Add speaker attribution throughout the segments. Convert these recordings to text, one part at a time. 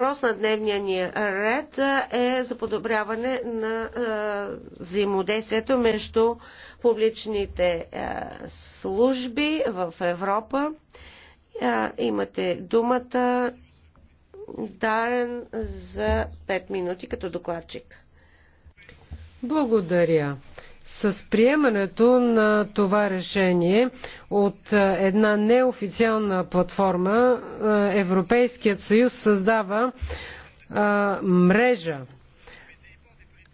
Speaker 1: Въпрос на дневния ни ред е за подобряване на взаимодействието между публичните служби в Европа. Имате думата дарен за 5 минути като докладчик. Благодаря.
Speaker 2: С приемането на това решение от една неофициална платформа е, Европейският съюз създава а, е, мрежа.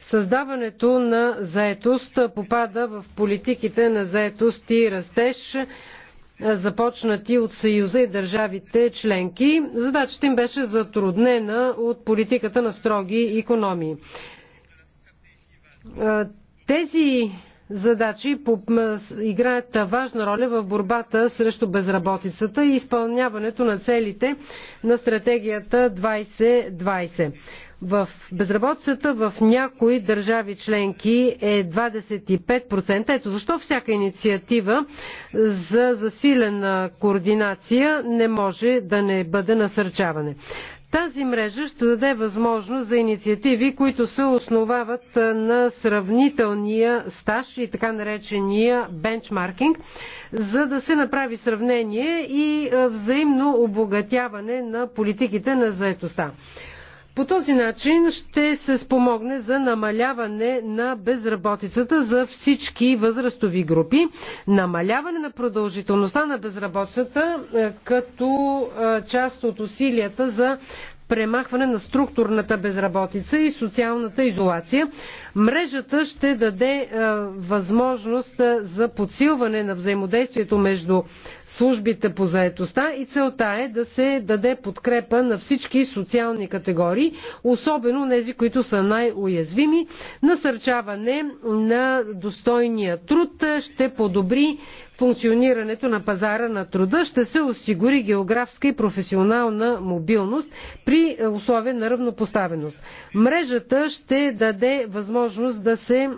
Speaker 2: Създаването на заетост попада в политиките на заетост и растеж, е, започнати от Съюза и държавите членки. Задачата им беше затруднена от политиката на строги економии тези задачи играят важна роля в борбата срещу безработицата и изпълняването на целите на стратегията 2020. В безработицата в някои държави членки е 25%. Ето защо всяка инициатива за засилена координация не може да не бъде насърчаване. Тази мрежа ще даде възможност за инициативи, които се основават на сравнителния стаж и така наречения бенчмаркинг, за да се направи сравнение и взаимно обогатяване на политиките на заетостта. По този начин ще се спомогне за намаляване на безработицата за всички възрастови групи, намаляване на продължителността на безработицата е, като е, част от усилията за премахване на структурната безработица и социалната изолация, Мрежата ще даде е, възможност е, за подсилване на взаимодействието между службите по заетостта и целта е да се даде подкрепа на всички социални категории, особено тези, които са най-уязвими. Насърчаване на достойния труд е, ще подобри функционирането на пазара на труда, ще се осигури географска и професионална мобилност при условия на равнопоставеност. Мрежата ще даде възможност възможност да се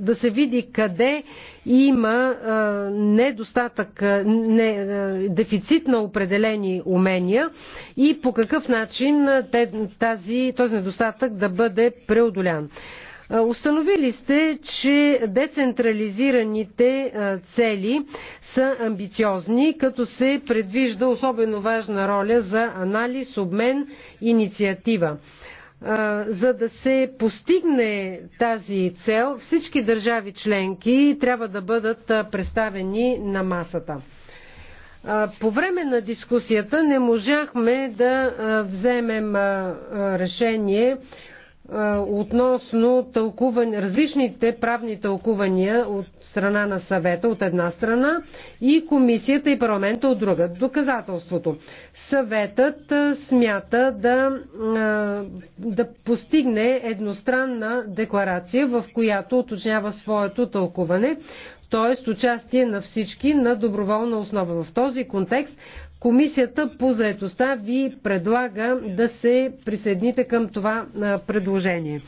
Speaker 2: да се види къде има недостатък, не, дефицит на определени умения и по какъв начин тази, този недостатък да бъде преодолян. Установили сте, че децентрализираните цели са амбициозни, като се предвижда особено важна роля за анализ, обмен, инициатива за да се постигне тази цел, всички държави членки трябва да бъдат представени на масата. По време на дискусията не можахме да вземем решение относно тълкуване, различните правни тълкувания от страна на съвета от една страна и комисията и парламента от друга. Доказателството. Съветът смята да, да постигне едностранна декларация, в която уточнява своето тълкуване т.е. участие на всички на доброволна основа. В този контекст Комисията по заедостта ви предлага да се присъедините към това предложение.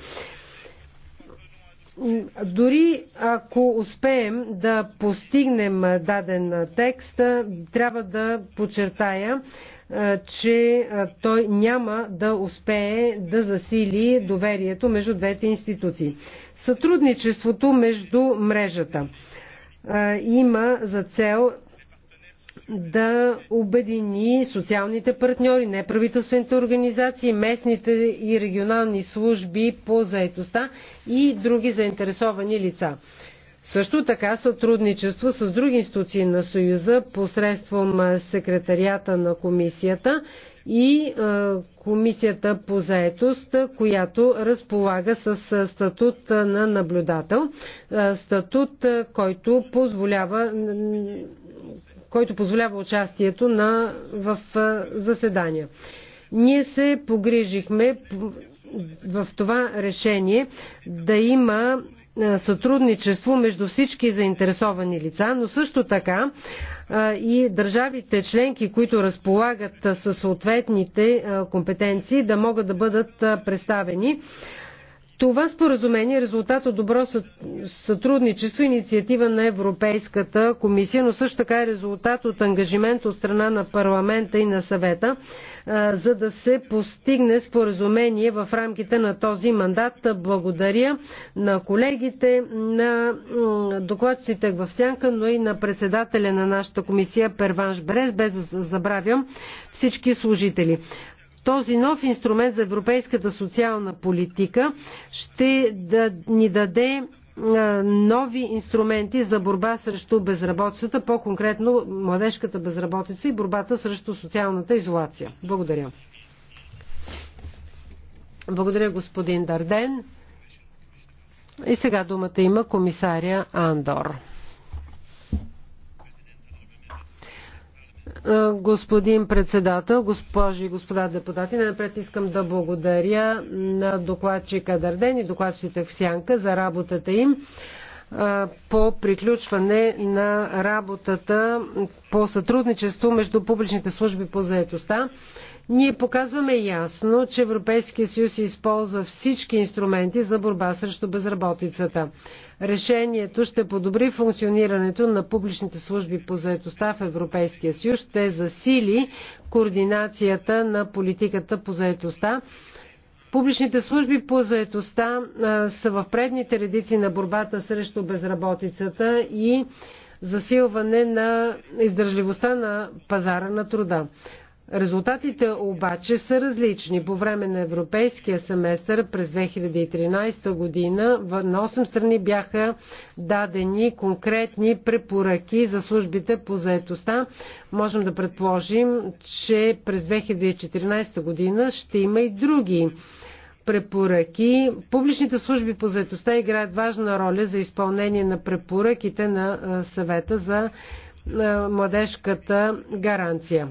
Speaker 2: Дори ако успеем да постигнем даден текст, трябва да подчертая, че той няма да успее да засили доверието между двете институции. Сътрудничеството между мрежата има за цел да обедини социалните партньори, неправителствените организации, местните и регионални служби по заетостта и други заинтересовани лица. Също така сътрудничество с други институции на Съюза посредством секретарията на комисията и комисията по заетост, която разполага с статут на наблюдател, статут, който позволява който позволява участието на, в заседания. Ние се погрижихме в това решение да има сътрудничество между всички заинтересовани лица, но също така и държавите членки, които разполагат със съответните компетенции, да могат да бъдат представени. Това споразумение е резултат от добро сътрудничество и инициатива на Европейската комисия, но също така е резултат от ангажимент от страна на парламента и на съвета, за да се постигне споразумение в рамките на този мандат. Благодаря на колегите, на докладчите в Сянка, но и на председателя на нашата комисия Перванш Брес, без да забравям всички служители. Този нов инструмент за европейската социална политика ще да ни даде нови инструменти за борба срещу безработицата, по-конкретно младежката безработица и борбата срещу социалната изолация. Благодаря. Благодаря, господин Дарден. И сега думата има комисаря Андор. Е, господин председател, госпожи и господа депутати, най-напред искам да благодаря на докладчика Дарден и докладчите в Сянка за работата им е, по приключване на работата по сътрудничество между публичните служби по заедостта ние показваме ясно, че Европейския съюз използва всички инструменти за борба срещу безработицата. Решението ще подобри функционирането на публичните служби по заетостта в Европейския съюз, ще засили координацията на политиката по заетостта. Публичните служби по заетостта са в предните редици на борбата срещу безработицата и засилване на издържливостта на пазара на труда. Резултатите обаче са различни. По време на европейския семестър през 2013 година на 8 страни бяха дадени конкретни препоръки за службите по заетостта. Можем да предположим, че през 2014 година ще има и други препоръки. Публичните служби по заетостта играят важна роля за изпълнение на препоръките на съвета за младежката гаранция.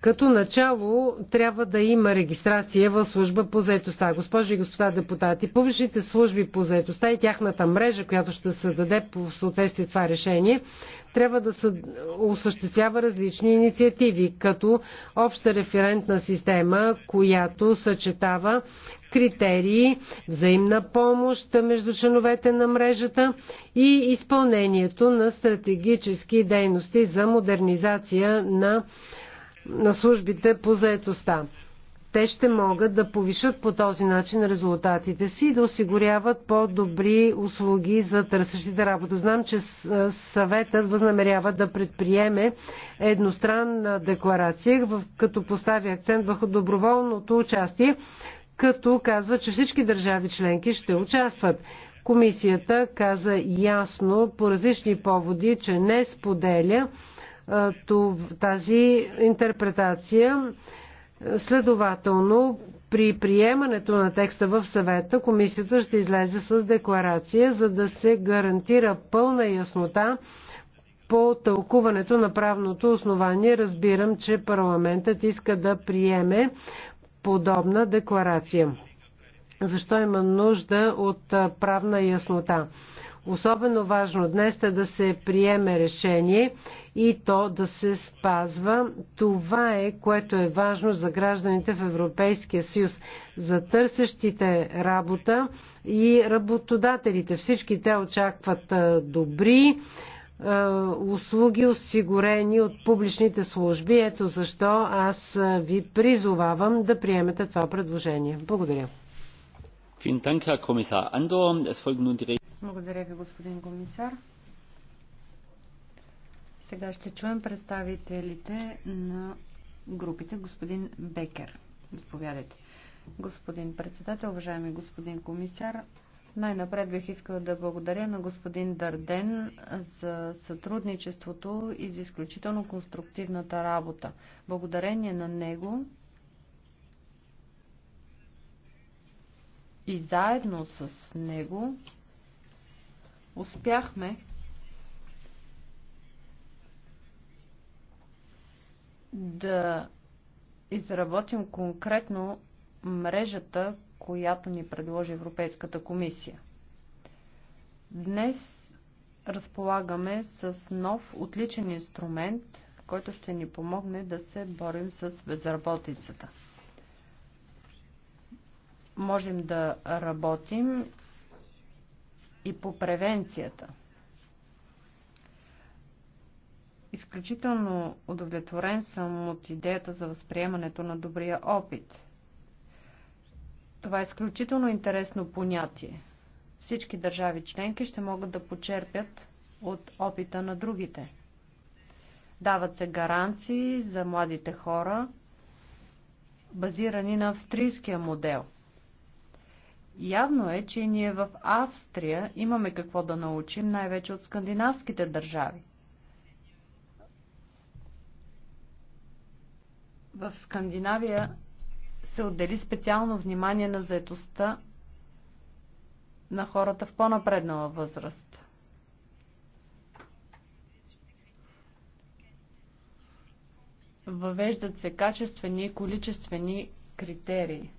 Speaker 2: Като начало трябва да има регистрация в служба по заетостта. Госпожи и господа депутати, публичните служби по заетостта и тяхната мрежа, която ще се даде в съответствие с това решение, трябва да се осъществява различни инициативи, като обща референтна система, която съчетава критерии, взаимна помощ между членовете на мрежата и изпълнението на стратегически дейности за модернизация на на службите по заетостта. Те ще могат да повишат по този начин резултатите си и да осигуряват по-добри услуги за търсещите работа. Знам, че съветът възнамерява да предприеме едностранна декларация, като поставя акцент върху доброволното участие, като казва, че всички държави членки ще участват. Комисията каза ясно по различни поводи, че не споделя тази интерпретация. Следователно, при приемането на текста в съвета, комисията ще излезе с декларация, за да се гарантира пълна яснота по тълкуването на правното основание. Разбирам, че парламентът иска да приеме подобна декларация. Защо има нужда от правна яснота? Особено важно днес е да се приеме решение и то да се спазва. Това е, което е важно за гражданите в Европейския съюз, за търсещите работа и работодателите. Всички те очакват добри услуги, осигурени от публичните служби. Ето защо аз ви призовавам да приемете това предложение. Благодаря.
Speaker 3: Благодаря ви, господин комисар. Сега ще чуем представителите на групите. Господин Бекер, заповядайте. Господин председател, уважаеми господин комисар, най-напред бих искала да благодаря на господин Дарден за сътрудничеството и за изключително конструктивната работа. Благодарение на него и заедно с него успяхме да изработим конкретно мрежата, която ни предложи Европейската комисия. Днес разполагаме с нов отличен инструмент, който ще ни помогне да се борим с безработицата. Можем да работим и по превенцията. Изключително удовлетворен съм от идеята за възприемането на добрия опит. Това е изключително интересно понятие. Всички държави членки ще могат да почерпят от опита на другите. Дават се гаранции за младите хора, базирани на австрийския модел – Явно е, че ние в Австрия имаме какво да научим, най-вече от скандинавските държави. В Скандинавия се отдели специално внимание на заетостта на хората в по-напреднала възраст. Въвеждат се качествени и количествени критерии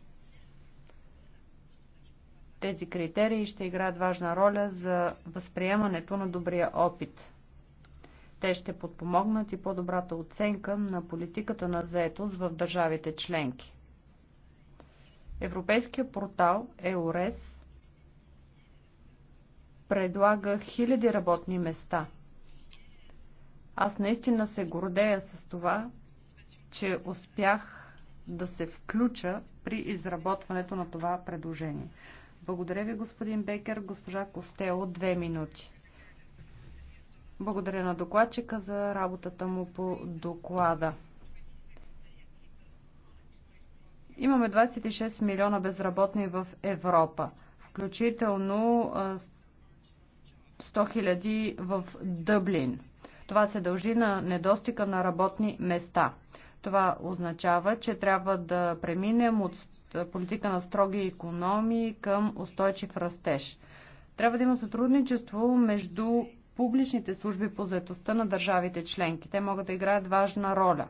Speaker 3: тези критерии ще играят важна роля за възприемането на добрия опит. Те ще подпомогнат и по-добрата оценка на политиката на заетост в държавите членки. Европейския портал EURES предлага хиляди работни места. Аз наистина се гордея с това, че успях да се включа при изработването на това предложение. Благодаря ви, господин Бекер. Госпожа Костело, две минути. Благодаря на докладчика за работата му по доклада. Имаме 26 милиона безработни в Европа, включително 100 000 в Дъблин. Това се дължи на недостига на работни места – това означава, че трябва да преминем от политика на строги економии към устойчив растеж. Трябва да има сътрудничество между публичните служби по заетостта на държавите членки. Те могат да играят важна роля.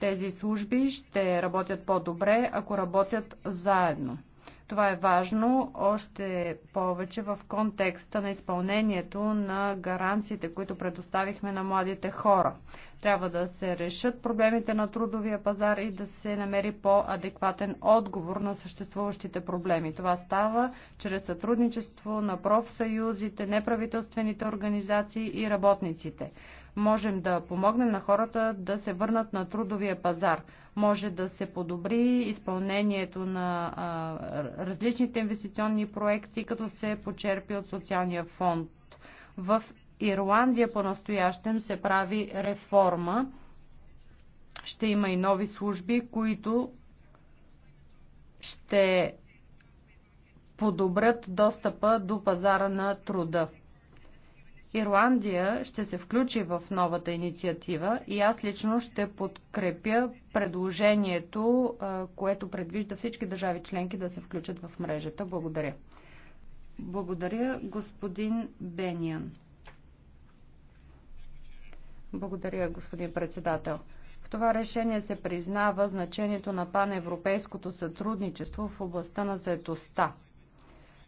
Speaker 3: Тези служби ще работят по-добре, ако работят заедно. Това е важно още повече в контекста на изпълнението на гаранциите, които предоставихме на младите хора. Трябва да се решат проблемите на трудовия пазар и да се намери по-адекватен отговор на съществуващите проблеми. Това става чрез сътрудничество на профсъюзите, неправителствените организации и работниците. Можем да помогнем на хората да се върнат на трудовия пазар. Може да се подобри изпълнението на различните инвестиционни проекти, като се почерпи от социалния фонд. В Ирландия по-настоящем се прави реформа. Ще има и нови служби, които ще подобрят достъпа до пазара на труда. Ирландия ще се включи в новата инициатива и аз лично ще подкрепя предложението, което предвижда всички държави членки да се включат в мрежата. Благодаря. Благодаря, господин Бениан. Благодаря, господин председател. В това решение се признава значението на паневропейското сътрудничество в областта на заетостта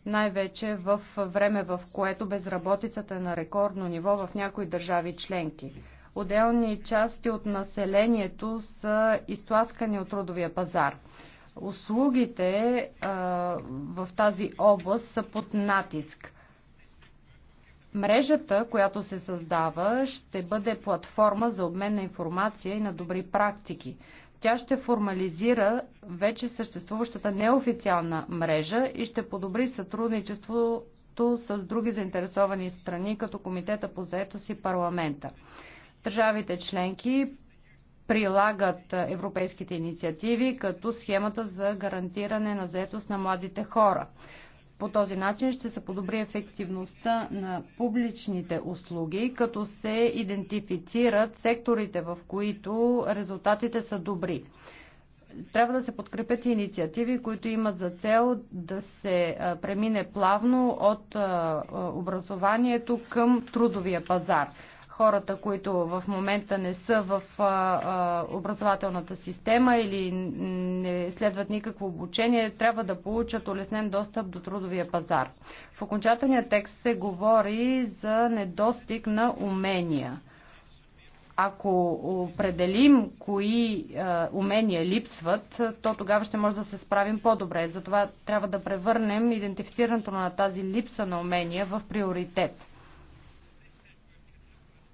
Speaker 3: най-вече в време, в което безработицата е на рекордно ниво в някои държави членки. Отделни части от населението са изтласкани от трудовия пазар. Услугите а, в тази област са под натиск. Мрежата, която се създава, ще бъде платформа за обмен на информация и на добри практики. Тя ще формализира вече съществуващата неофициална мрежа и ще подобри сътрудничеството с други заинтересовани страни, като Комитета по заетост и парламента. Държавите членки прилагат европейските инициативи, като схемата за гарантиране на заетост на младите хора. По този начин ще се подобри ефективността на публичните услуги, като се идентифицират секторите, в които резултатите са добри трябва да се подкрепят и инициативи, които имат за цел да се премине плавно от образованието към трудовия пазар хората, които в момента не са в образователната система или не следват никакво обучение, трябва да получат улеснен достъп до трудовия пазар. В окончателния текст се говори за недостиг на умения ако определим кои а, умения липсват, то тогава ще може да се справим по-добре. Затова трябва да превърнем идентифицирането на тази липса на умения в приоритет.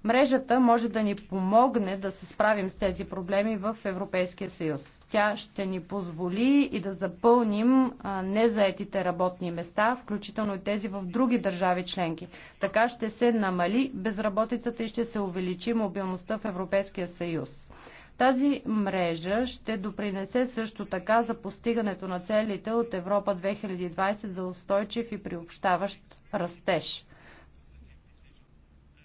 Speaker 3: Мрежата може да ни помогне да се справим с тези проблеми в Европейския съюз. Тя ще ни позволи и да запълним незаетите работни места, включително и тези в други държави членки. Така ще се намали безработицата и ще се увеличи мобилността в Европейския съюз. Тази мрежа ще допринесе също така за постигането на целите от Европа 2020 за устойчив и приобщаващ растеж.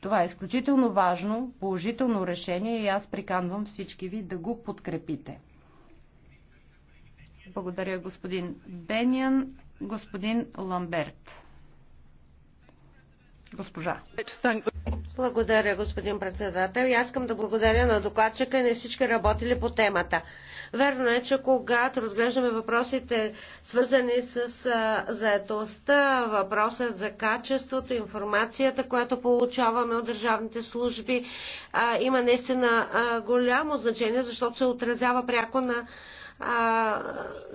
Speaker 3: Това е изключително важно, положително решение и аз приканвам всички ви да го подкрепите. Благодаря господин Бениан, господин
Speaker 1: Ламберт. Госпожа. Благодаря, господин председател. И аз искам да благодаря на докладчика и на всички работили по темата. Верно е, че когато разглеждаме въпросите, свързани с заетостта, заедостта, въпросът за качеството, информацията, която получаваме от държавните служби, има наистина голямо значение, защото се отразява пряко на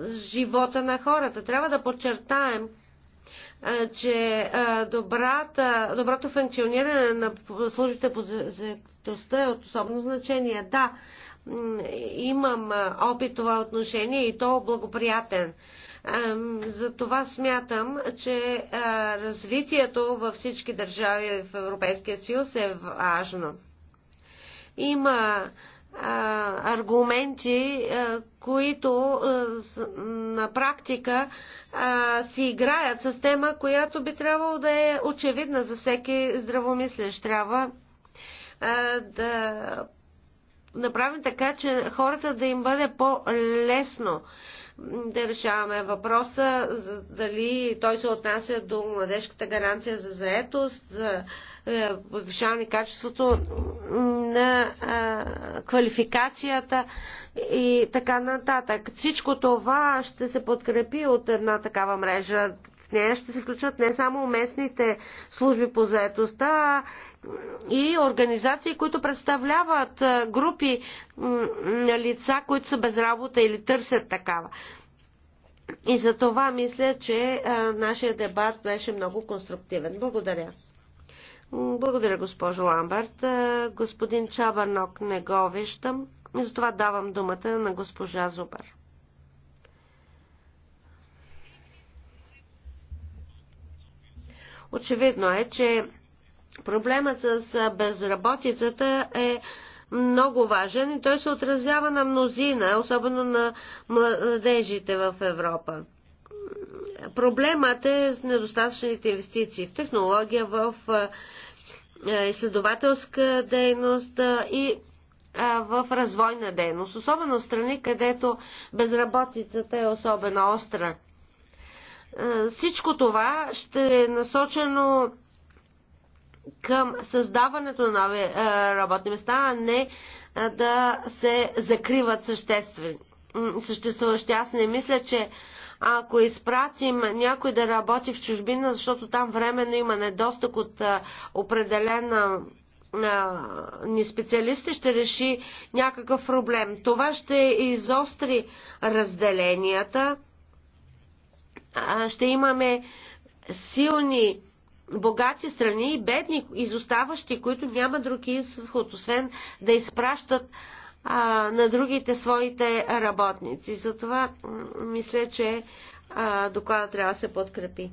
Speaker 1: живота на хората. Трябва да подчертаем, че добрата, доброто функциониране на службите по заедостта е от особено значение. Да, имам опит това отношение и то благоприятен. Затова смятам, че развитието във всички държави в Европейския съюз е важно. Има аргументи, които на практика си играят с тема, която би трябвало да е очевидна за всеки здравомислящ. Трябва да направим така, че хората да им бъде по-лесно да решаваме въпроса дали той се отнася до младежката гаранция за заетост, за е, повишаване качеството на квалификацията и така нататък. Всичко това ще се подкрепи от една такава мрежа. В нея ще се включват не само местните служби по заетостта, и организации, които представляват групи на лица, които са без работа или търсят такава. И за това мисля, че нашия дебат беше много конструктивен. Благодаря. Благодаря, госпожо Ламберт. Господин Чабанок не го виждам. Затова давам думата на госпожа Зубър. Очевидно е, че Проблема с безработицата е много важен и той се отразява на мнозина, особено на младежите в Европа. Проблемът е с недостатъчните инвестиции в технология, в е, изследователска дейност е, и е, в развойна дейност, особено в страни, където безработицата е особено остра. Всичко това ще е насочено към създаването на нови е, работни места, а не е, да се закриват съществени. съществуващи. Аз не мисля, че ако изпратим някой да работи в чужбина, защото там временно има недостък от е, определена ни специалисти ще реши някакъв проблем. Това ще изостри разделенията. Ще имаме силни богати страни и бедни, изоставащи, които няма друг изход, освен да изпращат а, на другите своите работници. Затова мисля, че а, доклада трябва да се подкрепи.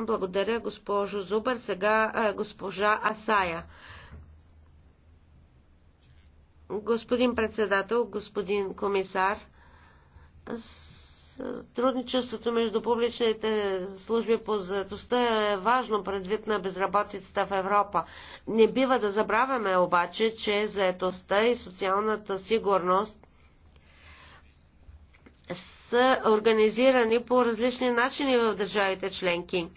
Speaker 1: Благодаря, госпожо Зубър. Сега а, госпожа Асая. Господин председател, господин комисар, с Сътрудничеството между публичните служби по заедостта е важно предвид на безработицата в Европа. Не бива да забравяме обаче, че заедостта и социалната сигурност са организирани по различни начини в държавите членки.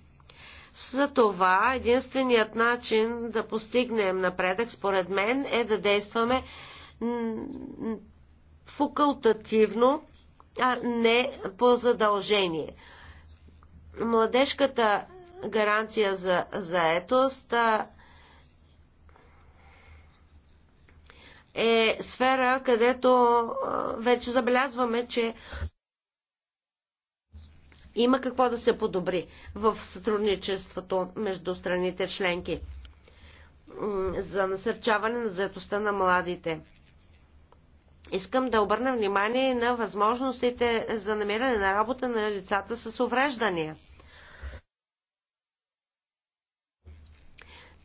Speaker 1: За това единственият начин да постигнем напредък, според мен, е да действаме факултативно а не по задължение. Младежката гаранция за заетост е сфера, където вече забелязваме, че има какво да се подобри в сътрудничеството между страните членки за насърчаване на заетостта на младите. Искам да обърна внимание на възможностите за намиране на работа на лицата с увреждания.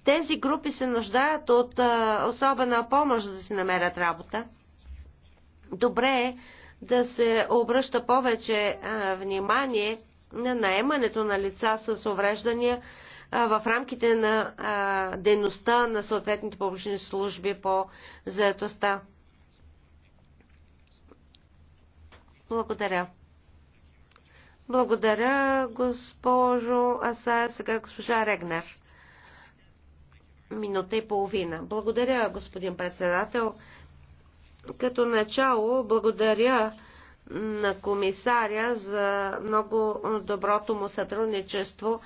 Speaker 1: Тези групи се нуждаят от а, особена помощ да си намерят работа. Добре е да се обръща повече а, внимание на наемането на лица с увреждания в рамките на а, дейността на съответните публични служби по заетостта. Благодаря. Благодаря, госпожо Аса. Сега госпожа Регнер. Минута и половина. Благодаря, господин председател. Като начало, благодаря на комисаря за много доброто му сътрудничество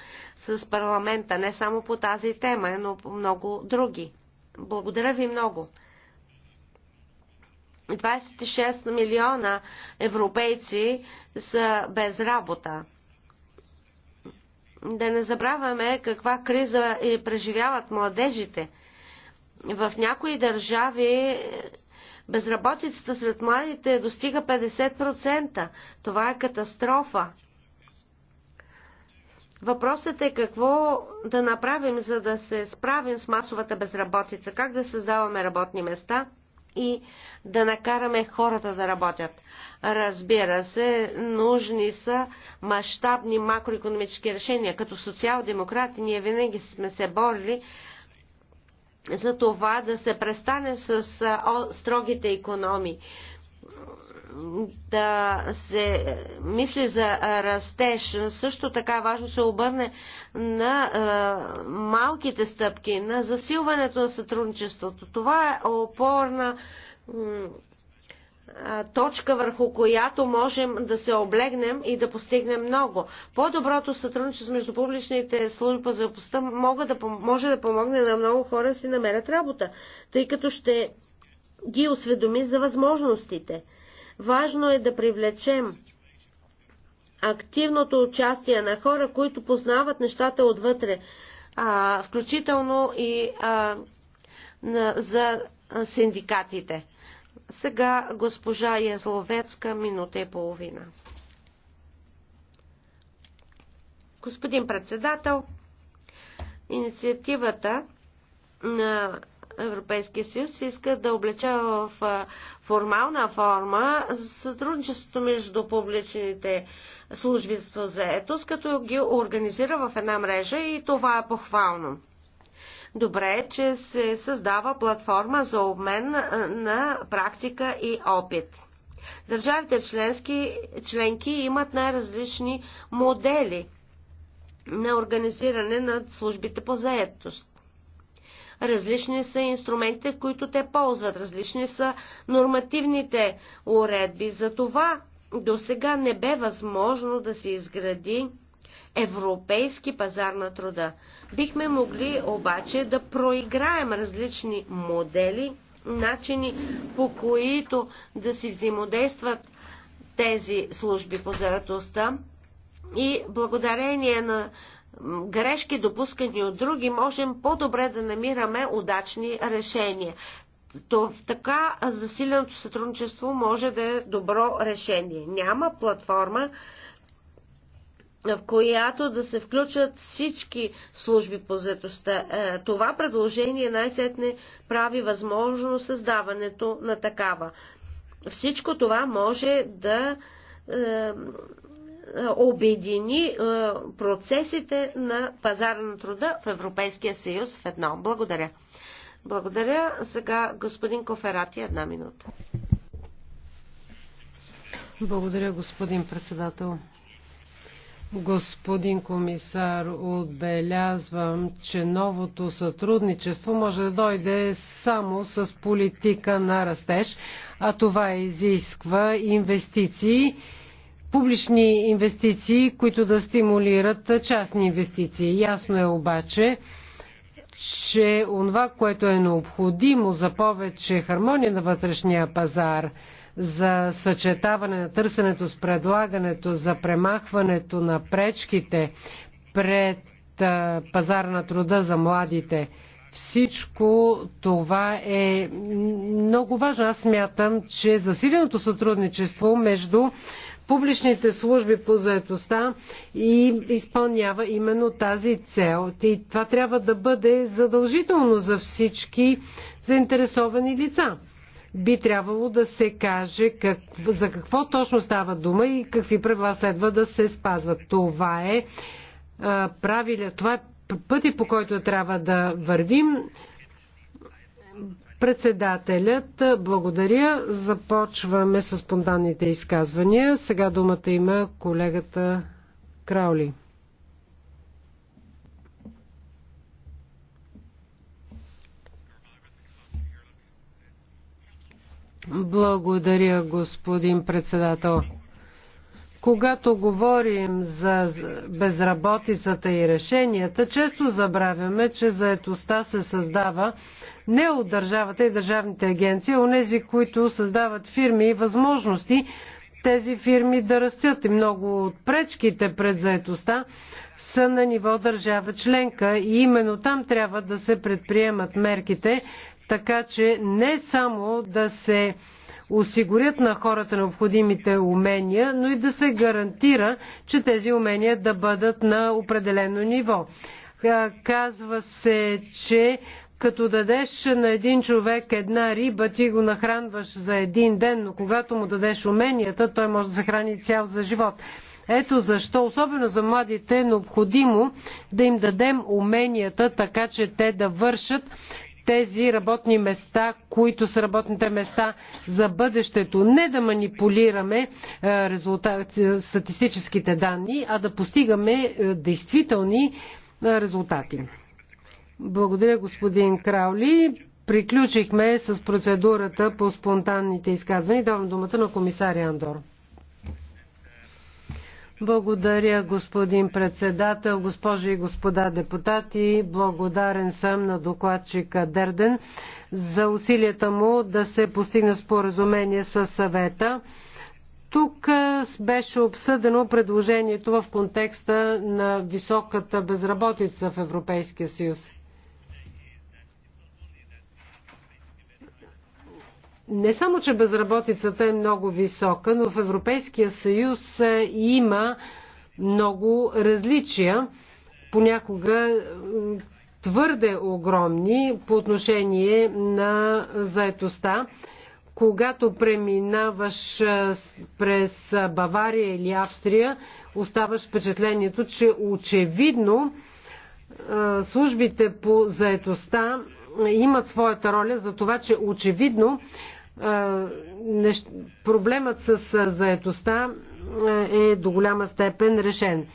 Speaker 1: с парламента, не само по тази тема, но по много други. Благодаря ви много. 26 милиона европейци са без работа. Да не забравяме каква криза и преживяват младежите. В някои държави безработицата сред младите достига 50%. Това е катастрофа. Въпросът е какво да направим, за да се справим с масовата безработица, как да създаваме работни места – и да накараме хората да работят. Разбира се, нужни са мащабни макроекономически решения. Като социал-демократи ние винаги сме се борили за това да се престане с строгите економии да се мисли за растеж. Също така важно се обърне на малките стъпки, на засилването на сътрудничеството. Това е опорна точка, върху която можем да се облегнем и да постигнем много. По-доброто сътрудничество между публичните служби по заедостта може да помогне на много хора да си намерят работа, тъй като ще ги осведоми за възможностите. Важно е да привлечем активното участие на хора, които познават нещата отвътре, а, включително и а, на, за синдикатите. Сега госпожа Язловецка, минута и половина. Господин председател, инициативата на Европейския съюз иска да облечава в формална форма сътрудничеството между публичните служби за заетост, като ги организира в една мрежа и това е похвално. Добре е, че се създава платформа за обмен на практика и опит. Държавите членски, членки имат най-различни модели на организиране на службите по заетост различни са инструментите, които те ползват, различни са нормативните уредби. Затова до сега не бе възможно да се изгради европейски пазар на труда. Бихме могли обаче да проиграем различни модели, начини по които да си взаимодействат тези служби по заедостта и благодарение на грешки, допускани от други, можем по-добре да намираме удачни решения. То, така засиленото сътрудничество може да е добро решение. Няма платформа, в която да се включат всички служби по заедостта. Е, това предложение най-сетне прави възможно създаването на такава. Всичко това може да е, е, обедини е, процесите на пазара на труда в Европейския съюз в едно. Благодаря. Благодаря. Сега господин Коферати, една минута.
Speaker 2: Благодаря, господин председател. Господин комисар, отбелязвам, че новото сътрудничество може да дойде само с политика на растеж, а това изисква инвестиции публични инвестиции, които да стимулират частни инвестиции. Ясно е обаче, че онова, което е необходимо за повече хармония на вътрешния пазар, за съчетаване на търсенето с предлагането, за премахването на пречките пред пазар на труда за младите, всичко това е много важно. Аз смятам, че засиленото сътрудничество между публичните служби по заедостта и изпълнява именно тази цел. И това трябва да бъде задължително за всички заинтересовани лица. Би трябвало да се каже как, за какво точно става дума и какви правила следва да се спазват. Това е правиля, това е пъти по който трябва да вървим Председателят, благодаря. Започваме с спонтанните изказвания. Сега думата има колегата Краули. Благодаря, господин председател. Когато говорим за безработицата и решенията, често забравяме, че заетостта се създава не от държавата и държавните агенции, а от тези, които създават фирми и възможности тези фирми да растят. И много от пречките пред заетостта са на ниво държава членка и именно там трябва да се предприемат мерките, така че не само да се осигурят на хората необходимите умения, но и да се гарантира, че тези умения да бъдат на определено ниво. Казва се, че като дадеш на един човек една риба, ти го нахранваш за един ден, но когато му дадеш уменията, той може да се храни цял за живот. Ето защо, особено за младите, е необходимо да им дадем уменията, така че те да вършат тези работни места, които са работните места за бъдещето. Не да манипулираме е, е, статистическите данни, а да постигаме е, действителни резултати. Благодаря, господин Краули. Приключихме с процедурата по спонтанните изказвания. Давам думата на комисаря Андор. Благодаря, господин председател, госпожи и господа депутати. Благодарен съм на докладчика Дерден за усилията му да се постигне споразумение с съвета. Тук беше обсъдено предложението в контекста на високата безработица в Европейския съюз. не само, че безработицата е много висока, но в Европейския съюз е, има много различия, понякога е, твърде огромни по отношение на заетостта. Когато преминаваш е, през Бавария или Австрия, оставаш впечатлението, че очевидно службите по заетостта имат своята роля за това, че очевидно нещ... проблемът с заетостта е до голяма степен решен.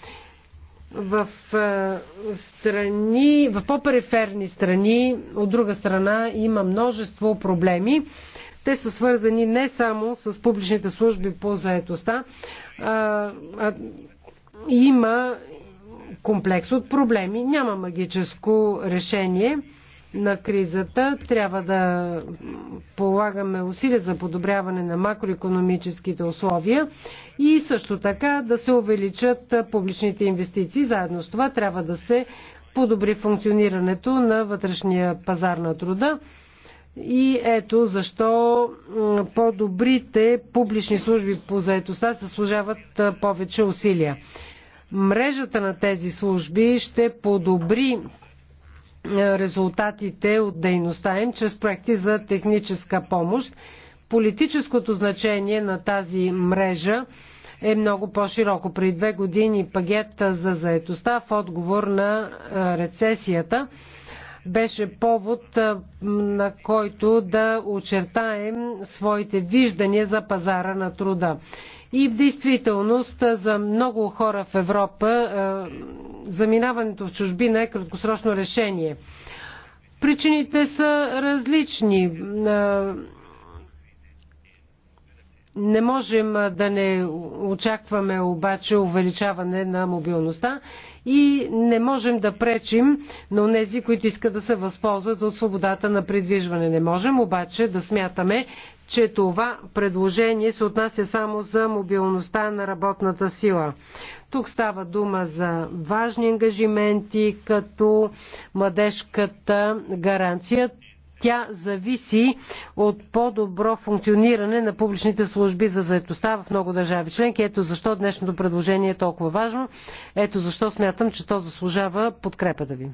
Speaker 2: В страни, в по-периферни страни, от друга страна, има множество проблеми. Те са свързани не само с публичните служби по заетостта, а, а има комплекс от проблеми. Няма магическо решение на кризата. Трябва да полагаме усилия за подобряване на макроекономическите условия и също така да се увеличат публичните инвестиции. Заедно с това трябва да се подобри функционирането на вътрешния пазар на труда. И ето защо по-добрите публични служби по заедостта се служават повече усилия. Мрежата на тези служби ще подобри резултатите от дейността им чрез проекти за техническа помощ. Политическото значение на тази мрежа е много по-широко. При две години пагет за заетостта в отговор на е, рецесията беше повод, е, на който да очертаем своите виждания за пазара на труда. И в действителност за много хора в Европа заминаването в чужбина е краткосрочно решение. Причините са различни не можем да не очакваме обаче увеличаване на мобилността и не можем да пречим на тези, които искат да се възползват от свободата на придвижване. Не можем обаче да смятаме, че това предложение се отнася само за мобилността на работната сила. Тук става дума за важни ангажименти, като младежката гаранция. Тя зависи от по-добро функциониране на публичните служби за заедостта в много държави членки. Ето защо днешното предложение е толкова важно. Ето защо смятам, че то заслужава подкрепата ви.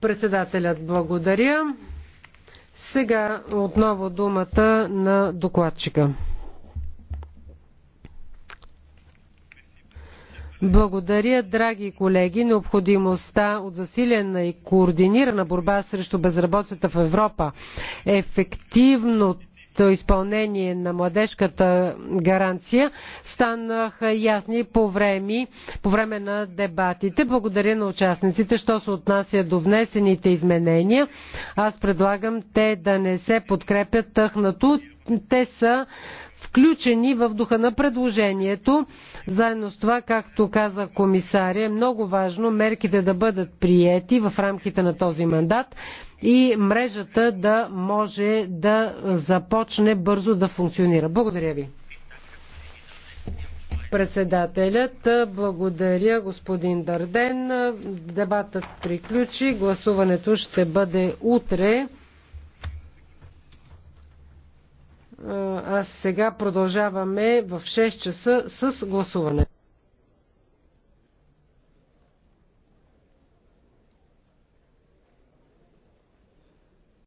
Speaker 2: Председателят благодаря. Сега отново думата на докладчика. Благодаря, драги колеги. Необходимостта от засилена и координирана борба срещу безработицата в Европа, ефективното изпълнение на младежката гаранция станаха ясни по време, по време на дебатите. Благодаря на участниците. Що се отнася до внесените изменения, аз предлагам те да не се подкрепят тъхнато. Те са включени в духа на предложението. Заедно с това, както каза комисаря, е много важно мерките да бъдат приети в рамките на този мандат и мрежата да може да започне бързо да функционира. Благодаря ви. Председателят, благодаря господин Дарден. Дебатът приключи. Гласуването ще бъде утре. а сега продължаваме в 6 часа с гласуване.